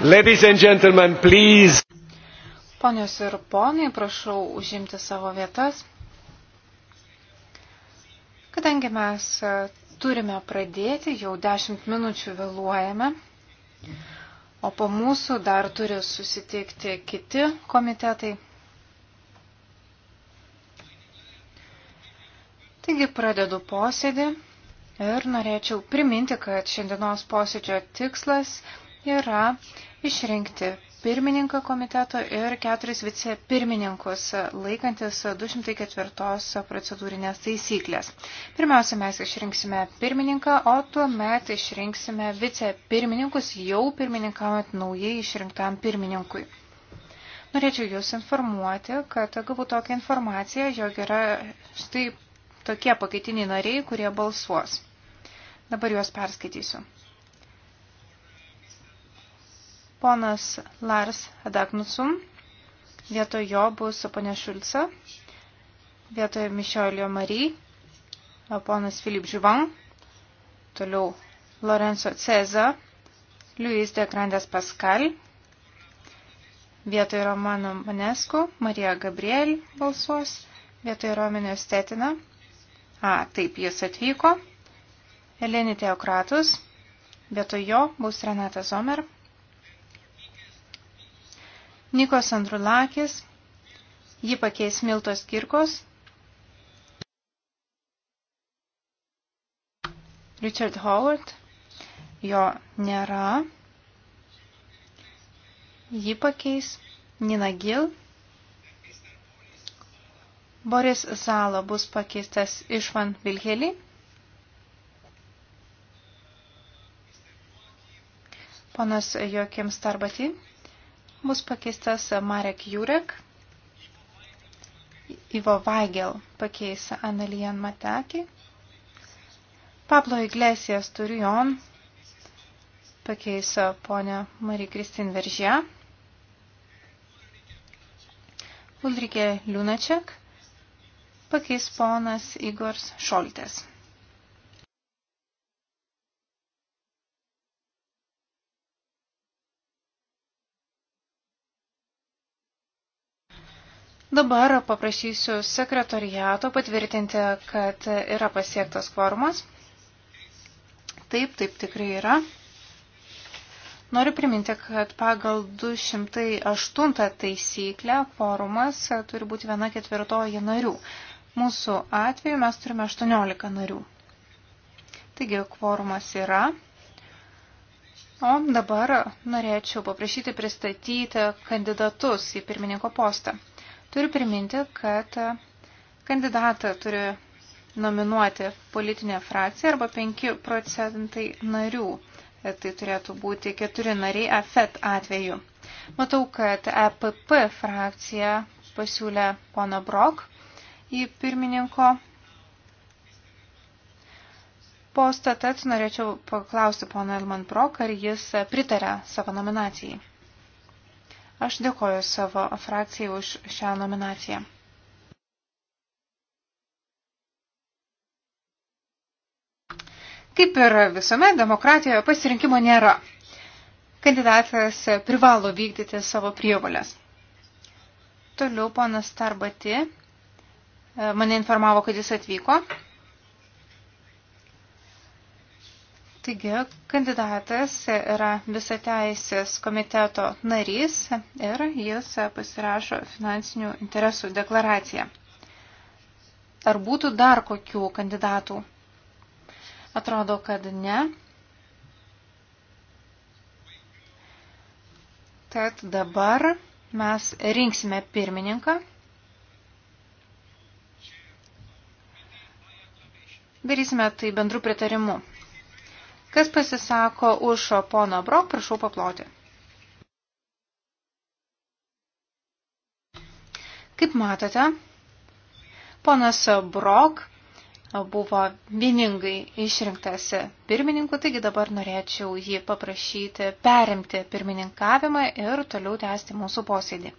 Ladies and gentlemen, please. Ponios ir ponai, prašau užimti savo vietas. Kadangi mes e, turime pradėti, jau 10 minučių vėluojame, o po mūsų dar turi susitikti kiti komitetai. Taigi pradedu posėdį ir norėčiau priminti, kad šiandienos posėdžio tikslas yra išrinkti pirmininką komiteto ir keturis vicepirmininkus laikantis 204 procedūrinės taisyklės. Pirmiausia, mes išrinksime pirmininką, o tuomet išrinksime vicepirmininkus jau pirmininkavant naujai išrinktam pirmininkui. Norėčiau Jūs informuoti, kad gavau tokią informaciją, jog yra štai tokie pakaitiniai nariai, kurie balsuos. Dabar juos perskaitysiu. Ponas Lars Adaknusum, vietoj jo bus ponė Šulca, vietoj Mišelio Mary, ponas Filip Žuvan, toliau Lorenzo Ceza, Luis de Grandes Pascal, vietoj Romano Manesku, Marija Gabriel balsuos, vietoj Rominio Stetina, a, taip jis atvyko, Eleni Teokratus, vietoj jo bus Renata Zomer, Nikos Andrulakis, jį pakeis Miltos Kirkos, Richard Howard, jo nėra, jį pakeis Nina Gil, Boris Zalo bus pakeistas iš Van Vilhelį, ponas Jokim Starbati, bus pakeistas Marek Jurek. Ivo Vaigel pakeis Analijan Matekį. Pablo Iglesias Turion pakeis ponę Mariją Kristin Veržę. Ulrike Liunaček pakeis ponas Igors Šoltės. Dabar paprašysiu sekretoriato patvirtinti, kad yra pasiektas kvorumas. Taip, taip tikrai yra. Noriu priminti, kad pagal 208 taisyklę kvorumas turi būti viena ketvirtoji narių. Mūsų atveju mes turime 18 narių. Taigi kvorumas yra. O dabar norėčiau paprašyti pristatyti kandidatus į pirmininko postą. Turiu priminti, kad e, kandidatą turi nominuoti politinė frakcija arba 5 procentai narių. E, tai turėtų būti keturi nariai AFET atveju. Matau, kad EPP frakcija pasiūlė pono Brok į pirmininko postą, tad norėčiau paklausti pono Elman Brok, ar jis pritarė savo nominacijai. Aš dėkoju savo frakcijai už šią nominaciją. Kaip ir visuomet, demokratijoje pasirinkimo nėra. Kandidatas privalo vykdyti savo prievalės. Toliau ponas Tarbati mane informavo, kad jis atvyko. Taigi, kandidatas yra visateisės komiteto narys ir jis pasirašo finansinių interesų deklaraciją. Ar būtų dar kokių kandidatų? Atrodo, kad ne. Tad dabar mes rinksime pirmininką. Darysime tai bendrų pritarimu. Kas pasisako už pono Brok, prašau paploti. Kaip matote, ponas Brok buvo vieningai išrinktas pirmininku, taigi dabar norėčiau jį paprašyti perimti pirmininkavimą ir toliau tęsti mūsų posėdį.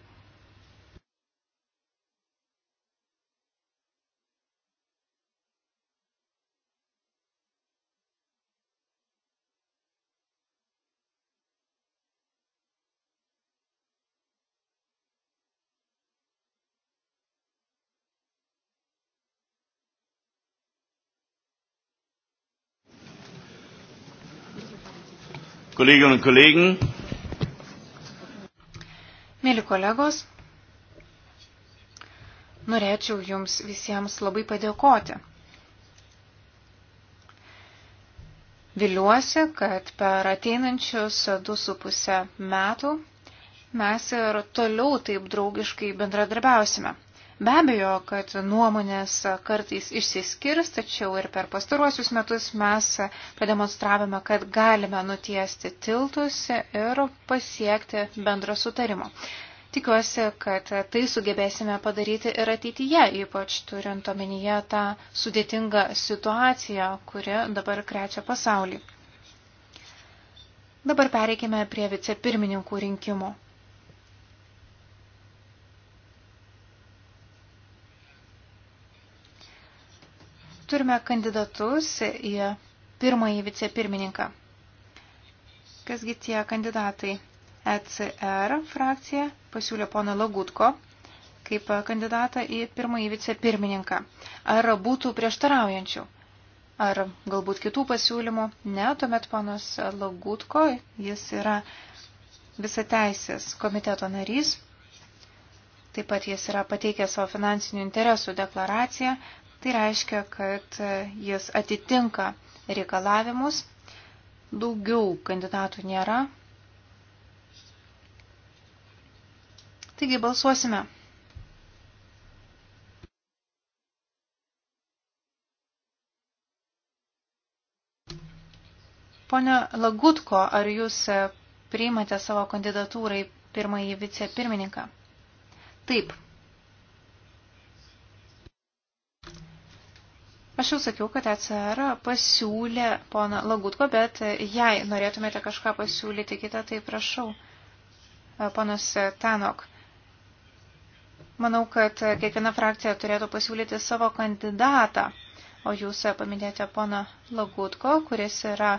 Kolleginnen und Kollegen. Mėly kolegos, norėčiau Jums visiems labai padėkoti. Viliuosi, kad per ateinančius 2,5 metų mes ir toliau taip draugiškai bendradarbiausime. Be abejo, kad nuomonės kartais išsiskirs, tačiau ir per pastaruosius metus mes pademonstravome, kad galime nutiesti tiltus ir pasiekti bendro sutarimo. Tikiuosi, kad tai sugebėsime padaryti ir ateityje, ypač turint omenyje tą sudėtingą situaciją, kuri dabar krečia pasaulį. Dabar pereikime prie vicepirmininkų rinkimų. Turime kandidatus į pirmąjį vicepirmininką. Kasgi tie kandidatai? ECR frakcija pasiūlė poną Lagutko kaip kandidatą į pirmąjį vicepirmininką. Ar būtų prieštaraujančių? Ar galbūt kitų pasiūlymų? Ne, tuomet ponas Lagutko, jis yra visateisės komiteto narys. Taip pat jis yra pateikęs savo finansinių interesų deklaraciją, Tai reiškia, kad jis atitinka reikalavimus, daugiau kandidatų nėra. Taigi balsuosime. Pone Lagutko, ar jūs priimate savo kandidatūrai pirmąjį vicepirmininką? Taip, Aš jau sakiau, kad ECR pasiūlė poną Lagutko, bet jei norėtumėte kažką pasiūlyti kitą, tai prašau, e, ponas Tanok. Manau, kad kiekviena frakcija turėtų pasiūlyti savo kandidatą, o jūs paminėjote poną Lagutko, kuris yra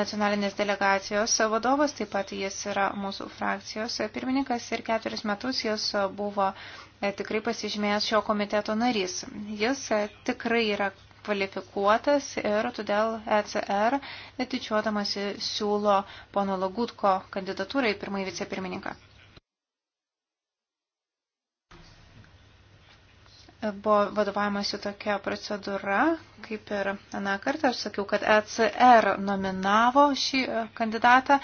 nacionalinės delegacijos vadovas, taip pat jis yra mūsų frakcijos pirmininkas ir keturis metus jis buvo e, tikrai pasižymėjęs šio komiteto narys. Jis e, tikrai yra kvalifikuotas ir todėl ECR didžiuodamasi siūlo pono Lagutko kandidatūrą į pirmąjį vicepirmininką. Buvo vadovavimas į tokią procedūrą, kaip ir aną kartą aš sakiau, kad ECR nominavo šį kandidatą,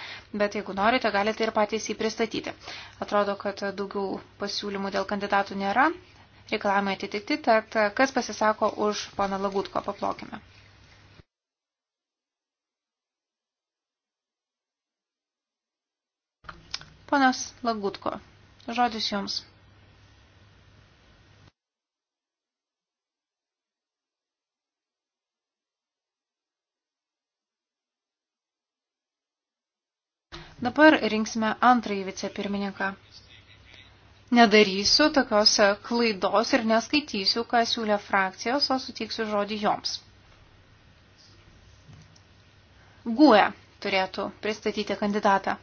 bet jeigu norite, galite ir patys jį pristatyti. Atrodo, kad daugiau pasiūlymų dėl kandidatų nėra, reikalavimai atitikti, tad kas pasisako už poną Lagutko, paplokime. Ponas Lagutko, žodis jums. Dabar rinksime antrąjį vicepirmininką nedarysiu tokios e, klaidos ir neskaitysiu, ką siūlė frakcijos, o sutiksiu žodį joms. GUE turėtų pristatyti kandidatą.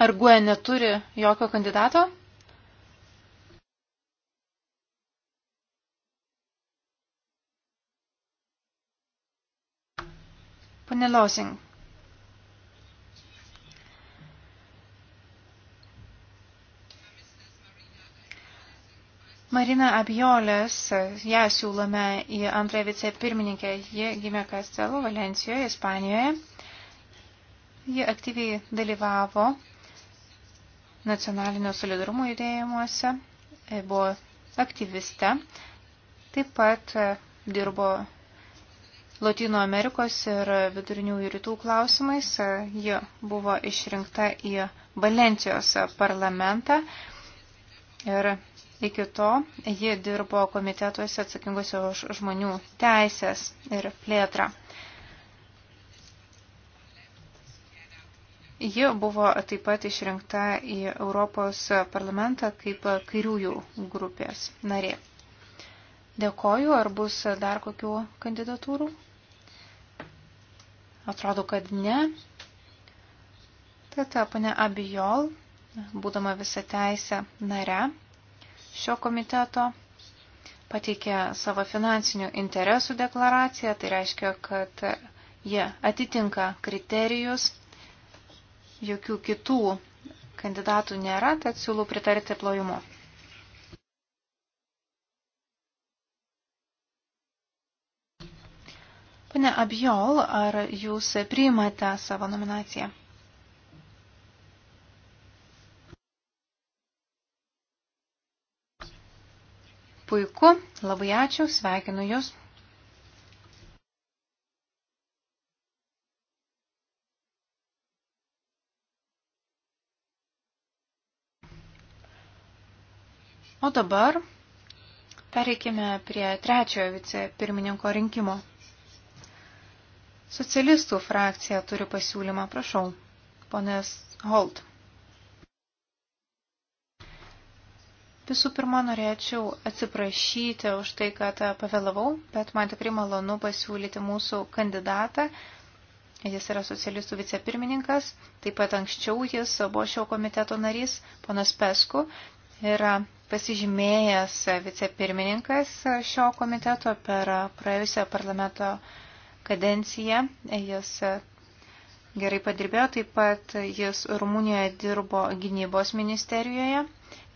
Ar GUE neturi jokio kandidato? Pane Losing. Marina Abiolės, ją siūlome į antrąją vicepirmininkę. Ji gimė Kastelo Valencijoje, Ispanijoje. Ji aktyviai dalyvavo nacionalinio solidarumo judėjimuose, buvo aktyviste, taip pat e, dirbo Latino Amerikos ir vidurinių ir rytų klausimais. E, ji buvo išrinkta į Valencijos parlamentą ir Iki to ji dirbo komitetuose atsakingose už žmonių teisės ir plėtrą. Ji buvo taip pat išrinkta į Europos parlamentą kaip kairiųjų grupės narė. Dėkoju, ar bus dar kokių kandidatūrų? Atrodo, kad ne. Tad ponia Abijol, būdama visą teisę nare, šio komiteto pateikė savo finansinių interesų deklaraciją, tai reiškia, kad jie atitinka kriterijus, jokių kitų kandidatų nėra, tad siūlau pritarti plojimu. Pane Abjol, ar jūs priimate savo nominaciją? Puiku, labai ačiū, sveikinu Jūs. O dabar pereikime prie trečiojo vicepirmininko rinkimo. Socialistų frakcija turi pasiūlymą, prašau, ponės Holt. Visų pirma, norėčiau atsiprašyti už tai, kad pavėlavau, bet man tikrai malonu pasiūlyti mūsų kandidatą. Jis yra socialistų vicepirmininkas, taip pat anksčiau jis buvo šio komiteto narys, ponas Pesku, yra pasižymėjęs vicepirmininkas šio komiteto per praėjusią parlamento kadenciją. Jis gerai padirbėjo, taip pat jis Rumunijoje dirbo gynybos ministerijoje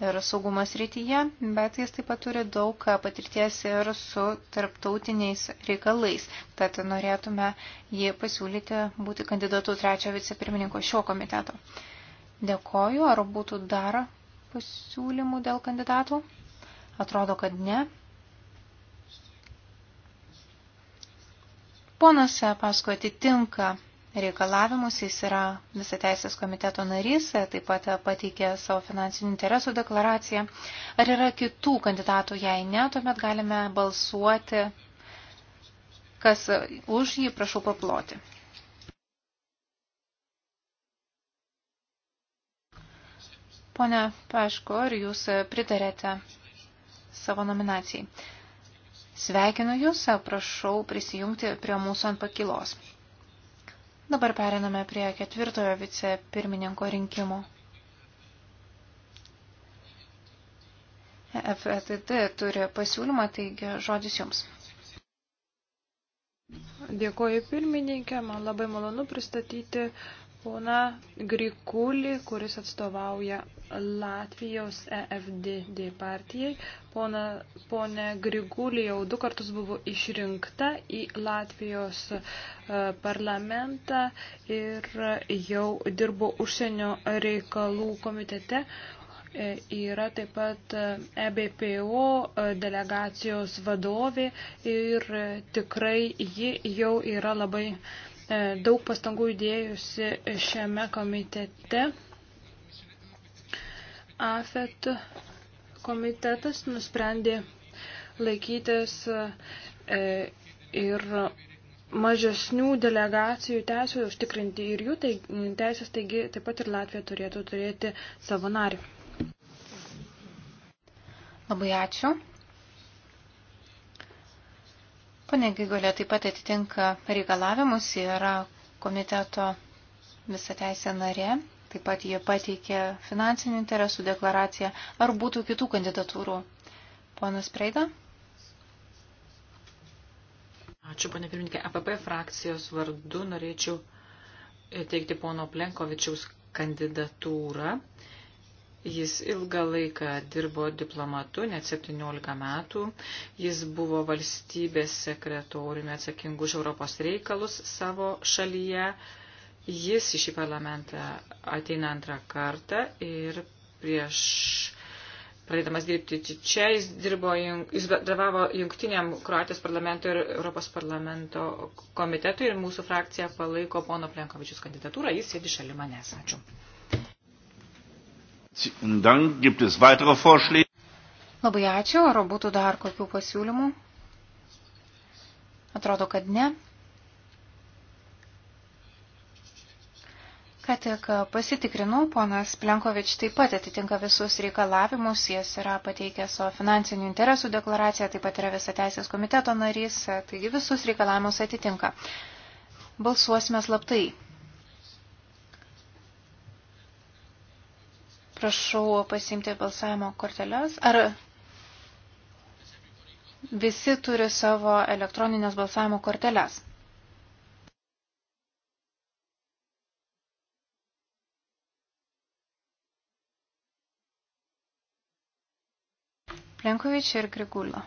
ir saugumos rytyje, bet jis taip pat turi daug patirties ir su tarptautiniais reikalais. Tad norėtume jį pasiūlyti būti kandidatu trečio vicepirmininko šio komiteto. Dėkoju, ar būtų dar pasiūlymų dėl kandidatų? Atrodo, kad ne. Ponas Pasko atitinka reikalavimus, jis yra visą teisės komiteto narys, taip pat pateikė savo finansinių interesų deklaraciją. Ar yra kitų kandidatų, jei ne, tuomet galime balsuoti, kas už jį, prašau paploti. Pone Paško, ar jūs pritarėte savo nominacijai? Sveikinu jūs, prašau prisijungti prie mūsų ant pakilos. Dabar periname prie ketvirtojo vicepirmininko rinkimų. E FETT turi pasiūlymą, taigi žodis jums. Dėkuoju pirmininkė, man labai malonu pristatyti uh, pona Grikulį, kuris atstovauja Latvijos EFDD partijai. Pona, ponė Grigulį jau du kartus buvo išrinkta į Latvijos e, parlamentą ir jau dirbo užsienio reikalų komitete. E, yra taip pat EBPO e, delegacijos vadovė ir tikrai ji jau yra labai E, daug pastangų įdėjusi šiame komitete. AFET komitetas nusprendė laikytis e, ir mažesnių delegacijų teisų užtikrinti ir jų teisės, taigi taip pat ir Latvija turėtų turėti savo narį. Labai ačiū. Pane Gigolė taip pat atitinka reikalavimus, yra komiteto visą teisę narė, taip pat jie pateikė finansinių interesų deklaraciją, ar būtų kitų kandidatūrų. Ponas Preida. Ačiū, ponė pirmininkė. APP frakcijos vardu norėčiau teikti pono Plenkovičiaus kandidatūrą. Uh, Jis ilgą laiką dirbo diplomatu, net 17 metų. Jis buvo valstybės sekretoriumi atsakingu už Europos reikalus savo šalyje. Jis į šį parlamentą ateina antrą kartą ir prieš pradėdamas dirbti čia, jis, dirbo, jis davavo jungtiniam Kroatijos parlamento ir Europos parlamento komitetui ir mūsų frakcija palaiko pono Plenkovičius kandidatūrą, jis sėdi šalia manęs. Ačiū. Dank, gibt es weitere Vorschläge? Labai ačiū, ar būtų dar kokių pasiūlymų? Atrodo, kad ne. Ką tik pasitikrinau, ponas Plenkovič taip pat atitinka visus reikalavimus, jis yra pateikęs savo finansinių interesų deklaraciją, taip pat yra visa teisės komiteto narys, taigi visus reikalavimus atitinka. Balsuosime slaptai. prašau pasiimti balsavimo korteles. Ar visi turi savo elektroninės balsavimo korteles? Plenkovič ir Grigula.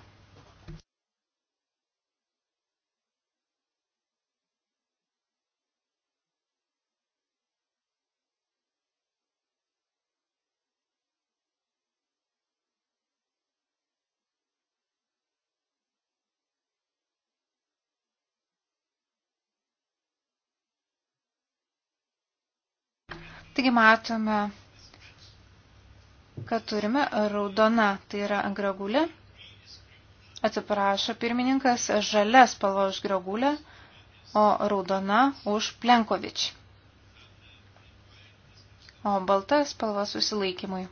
Taigi matome, kad turime raudona, tai yra angregulė. Atsiprašo pirmininkas, žalia spalva už gregulę, o raudona už Plenkovič. O balta spalva susilaikymui.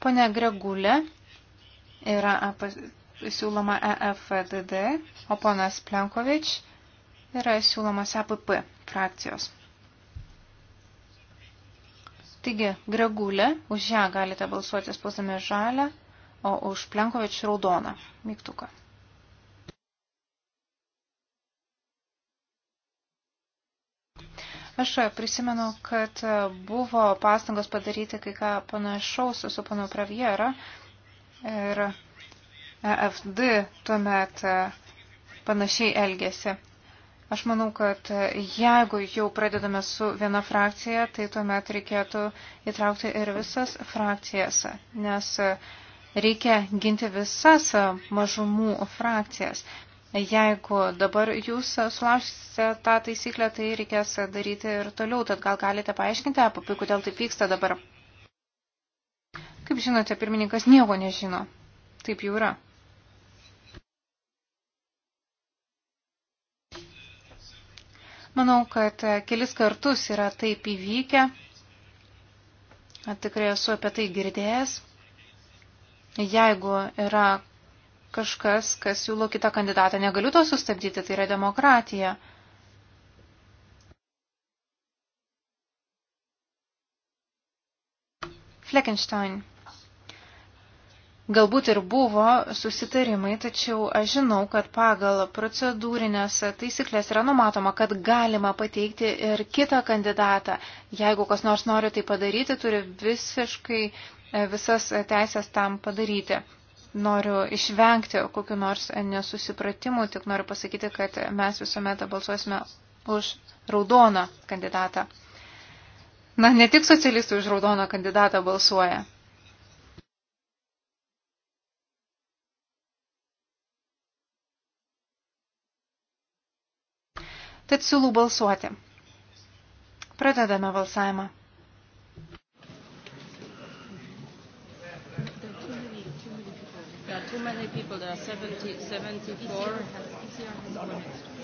Pone Gregulė yra siūloma EFDD, o ponas Plenkovič yra siūlomas APP e frakcijos. Taigi, Gregulė, už ją galite balsuoti spausdami žalę, o už Plenkovič raudoną mygtuką. Aš prisimenu, kad buvo pastangos padaryti kai ką panašaus su panu Praviera ir EFD tuomet e, panašiai elgėsi. Aš manau, kad e, jeigu jau pradedame su viena frakcija, tai tuomet reikėtų įtraukti ir visas frakcijas, nes e, reikia ginti visas mažumų frakcijas. Jeigu dabar jūs sulaužysite tą taisyklę, tai reikės daryti ir toliau, tad gal galite paaiškinti, apapai, kodėl taip vyksta dabar. Kaip žinote, pirmininkas nieko nežino. Taip jau yra. Manau, kad e, kelis kartus yra taip įvykę. Tikrai esu apie tai girdėjęs. Jeigu yra kažkas, kas siūlo kitą kandidatą, negaliu to sustabdyti, tai yra demokratija. Fleckenstein. Galbūt ir buvo susitarimai, tačiau aš žinau, kad pagal procedūrinės taisyklės yra numatoma, kad galima pateikti ir kitą kandidatą. Jeigu kas nors nori tai padaryti, turi visiškai e, visas teisės tam padaryti. Noriu išvengti kokiu nors nesusipratimu, tik noriu pasakyti, kad mes visuomet balsuosime už raudoną kandidatą. Na, ne tik socialistų už raudoną kandidatą balsuoja. Tad siūlau balsuoti. Pradedame balsavimą. too many people. There are 70, 74.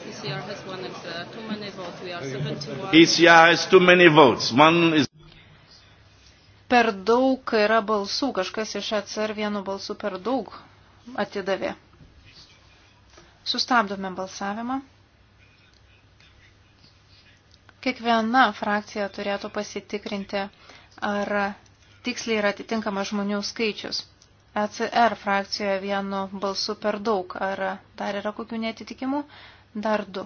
ECR has one extra. Uh, too many votes. We are 71. ECR has too many votes. One is. Per daug yra balsų, kažkas iš atsar e vienu balsu per daug atidavė. Sustabdome balsavimą. Kiekviena frakcija turėtų pasitikrinti, ar tiksliai yra atitinkamas žmonių skaičius. ECR frakcijoje vienu balsu per daug. Ar dar yra kokių netitikimų? Dar du.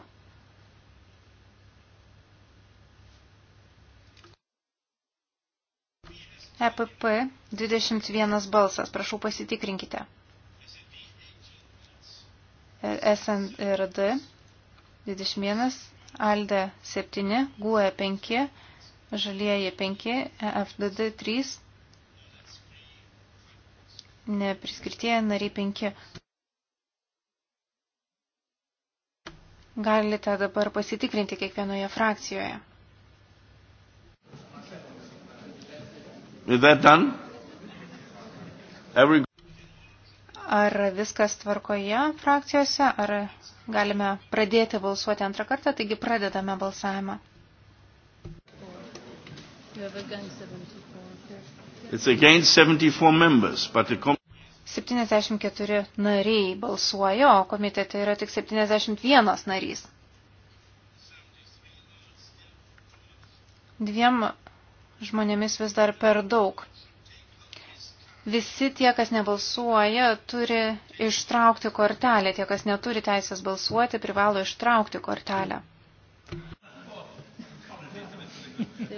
EPP 21 balsas. Prašau pasitikrinkite. E SNRD 21 Alde 7, GUE 5, Žalieji 5, FDD 3, nepriskirtieji nariai 5. Galite dabar pasitikrinti kiekvienoje frakcijoje. Is that done? Every Ar viskas tvarkoje frakcijose, ar galime pradėti balsuoti antrą kartą, taigi pradedame balsavimą. It's against 74 members, but the 74 nariai balsuoja, o komitete yra tik 71 narys. Dviem žmonėmis vis dar per daug visi tie, kas nebalsuoja, turi ištraukti kortelę. Tie, kas neturi teisės balsuoti, privalo ištraukti kortelę.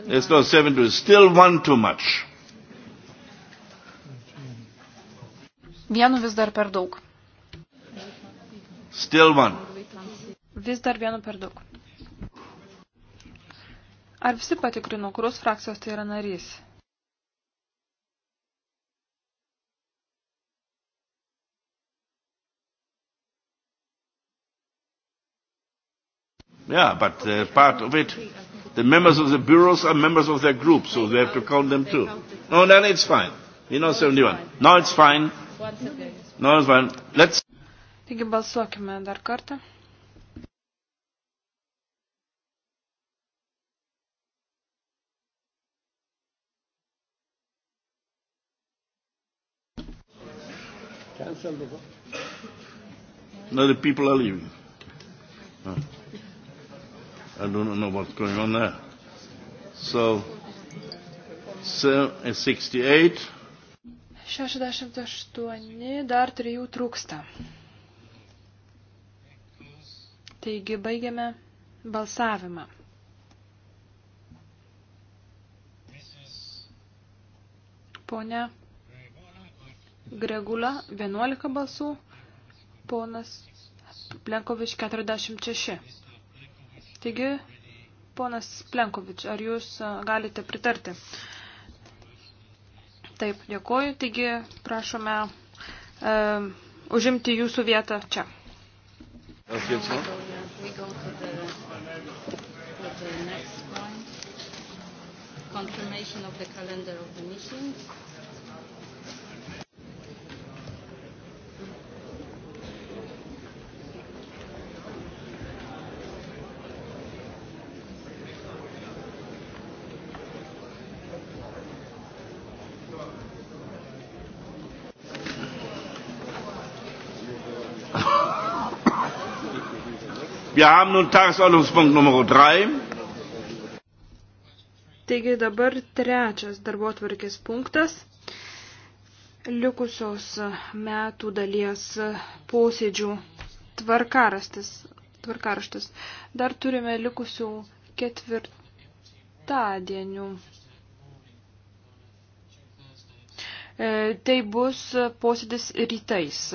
It's not seven to still one too much. Vienu vis dar per daug. Still one. Vis dar vienu per daug. Ar visi patikrino, kurios frakcijos tai yra narys? Yeah, but uh, part of it, the members of the bureaus are members of their group, so they have to count them too. No, then it's fine. You know, 71. Now it's fine. Now it's fine. Let's. Taigi balsuokime dar kartą. Now the people are leaving. Oh. I don't know what's going on there. So, so 68. 68, dar trijų trūksta. Taigi baigiame balsavimą. Pone Gregula 11 balsų, ponas Plenkovič 46. Taigi, ponas Plenkovič, ar jūs galite pritarti? Taip, dėkoju. Taigi, prašome e, užimti jūsų vietą čia. Confirmation of the calendar of the meetings. Wir haben nun Tagesordnungspunkt Nummer 3. Taigi dabar trečias darbotvarkės punktas. Likusios metų dalies posėdžių tvarkarastis. tvarkaraštis. Dar turime likusių ketvirtadienių. E, tai bus posėdis rytais.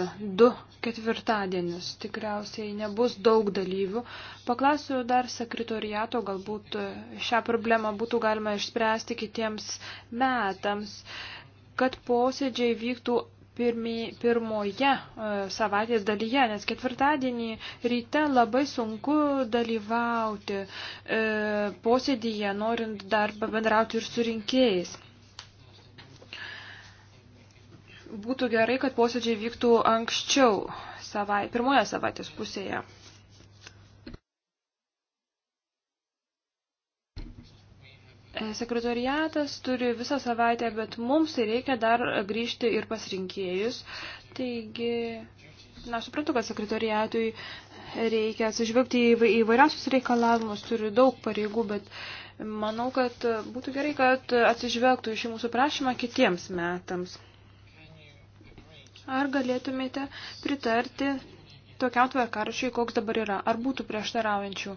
Du ketvirtadienius. Tikriausiai nebus daug dalyvių. Paklausiu dar sekretoriato, galbūt šią problemą būtų galima išspręsti kitiems metams, kad posėdžiai vyktų pirmi, pirmoje e, savaitės dalyje, nes ketvirtadienį ryte labai sunku dalyvauti e, posėdyje, norint dar pabendrauti ir su rinkėjais būtų gerai, kad posėdžiai vyktų anksčiau, savai, pirmoje savaitės pusėje. E, sekretariatas turi visą savaitę, bet mums tai reikia dar grįžti ir pasirinkėjus. Taigi, na, suprantu, kad sekretariatui reikia atsižvelgti į įvairiausius reikalavimus, turi daug pareigų, bet manau, kad būtų gerai, kad atsižvelgtų iš mūsų prašymą kitiems metams. Ar galėtumėte pritarti tokiam tvarkarašiui, koks dabar yra? Ar būtų prieštaraujančių?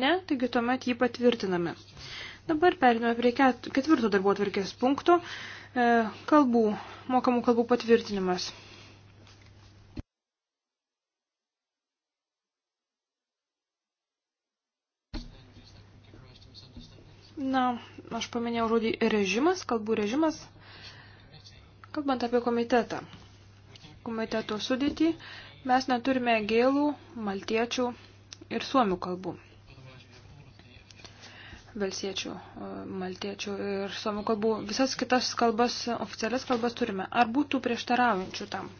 Ne, taigi tuomet jį patvirtiname. Dabar perėmėme prie ketvirto darbo atvirkės punkto e, - kalbų, mokamų kalbų patvirtinimas. Na, aš paminėjau žodį režimas, kalbų režimas, kalbant apie komitetą komiteto sudėtį, mes neturime gėlų, maltiečių ir suomių kalbų. Velsiečių, e, maltiečių ir suomių kalbų. Visas kitas kalbas, oficialias kalbas turime. Ar būtų prieštaraujančių tam?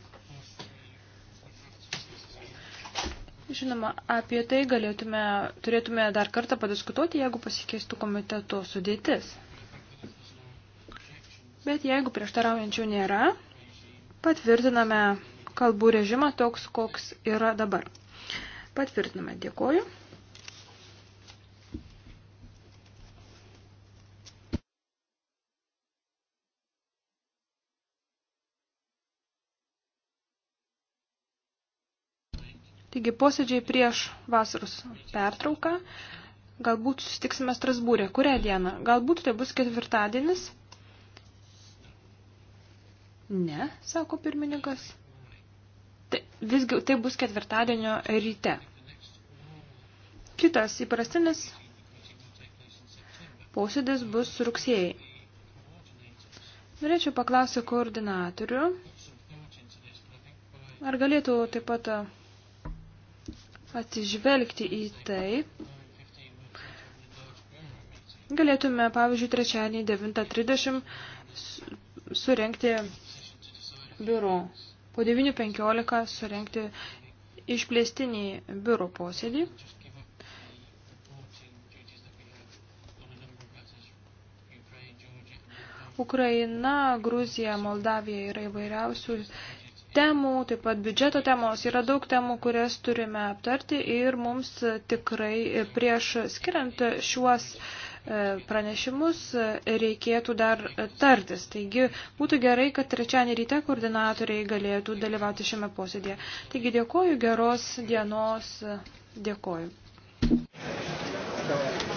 Žinoma, apie tai galėtume, turėtume dar kartą padiskutuoti, jeigu pasikeistų komiteto sudėtis. Bet jeigu prieštaraujančių nėra, Patvirtiname kalbų režimą toks, koks yra dabar. Patvirtiname. Dėkoju. Taigi posėdžiai prieš vasaros pertrauką. Galbūt susitiksime Strasbūrė. Kurią dieną? Galbūt tai bus ketvirtadienis. Ne, sako pirmininkas. Tai, visgi tai bus ketvirtadienio ryte. Kitas įprastinis posėdis bus rugsėjai. Norėčiau paklausyti koordinatorių, ar galėtų taip pat atsižvelgti į tai. Galėtume, pavyzdžiui, trečiadienį 9.30 surenkti biurų. Po 9.15 surenkti išplėstinį biurų posėdį. Ukraina, Gruzija, Moldavija yra įvairiausių temų, taip pat biudžeto temos, yra daug temų, kurias turime aptarti ir mums tikrai prieš skiriant šiuos E, pranešimus, e, reikėtų dar tartis. Taigi būtų gerai, kad trečiąjį ryte koordinatoriai galėtų dalyvauti šiame posėdėje. Taigi dėkoju, geros dienos, dėkoju. Thank you.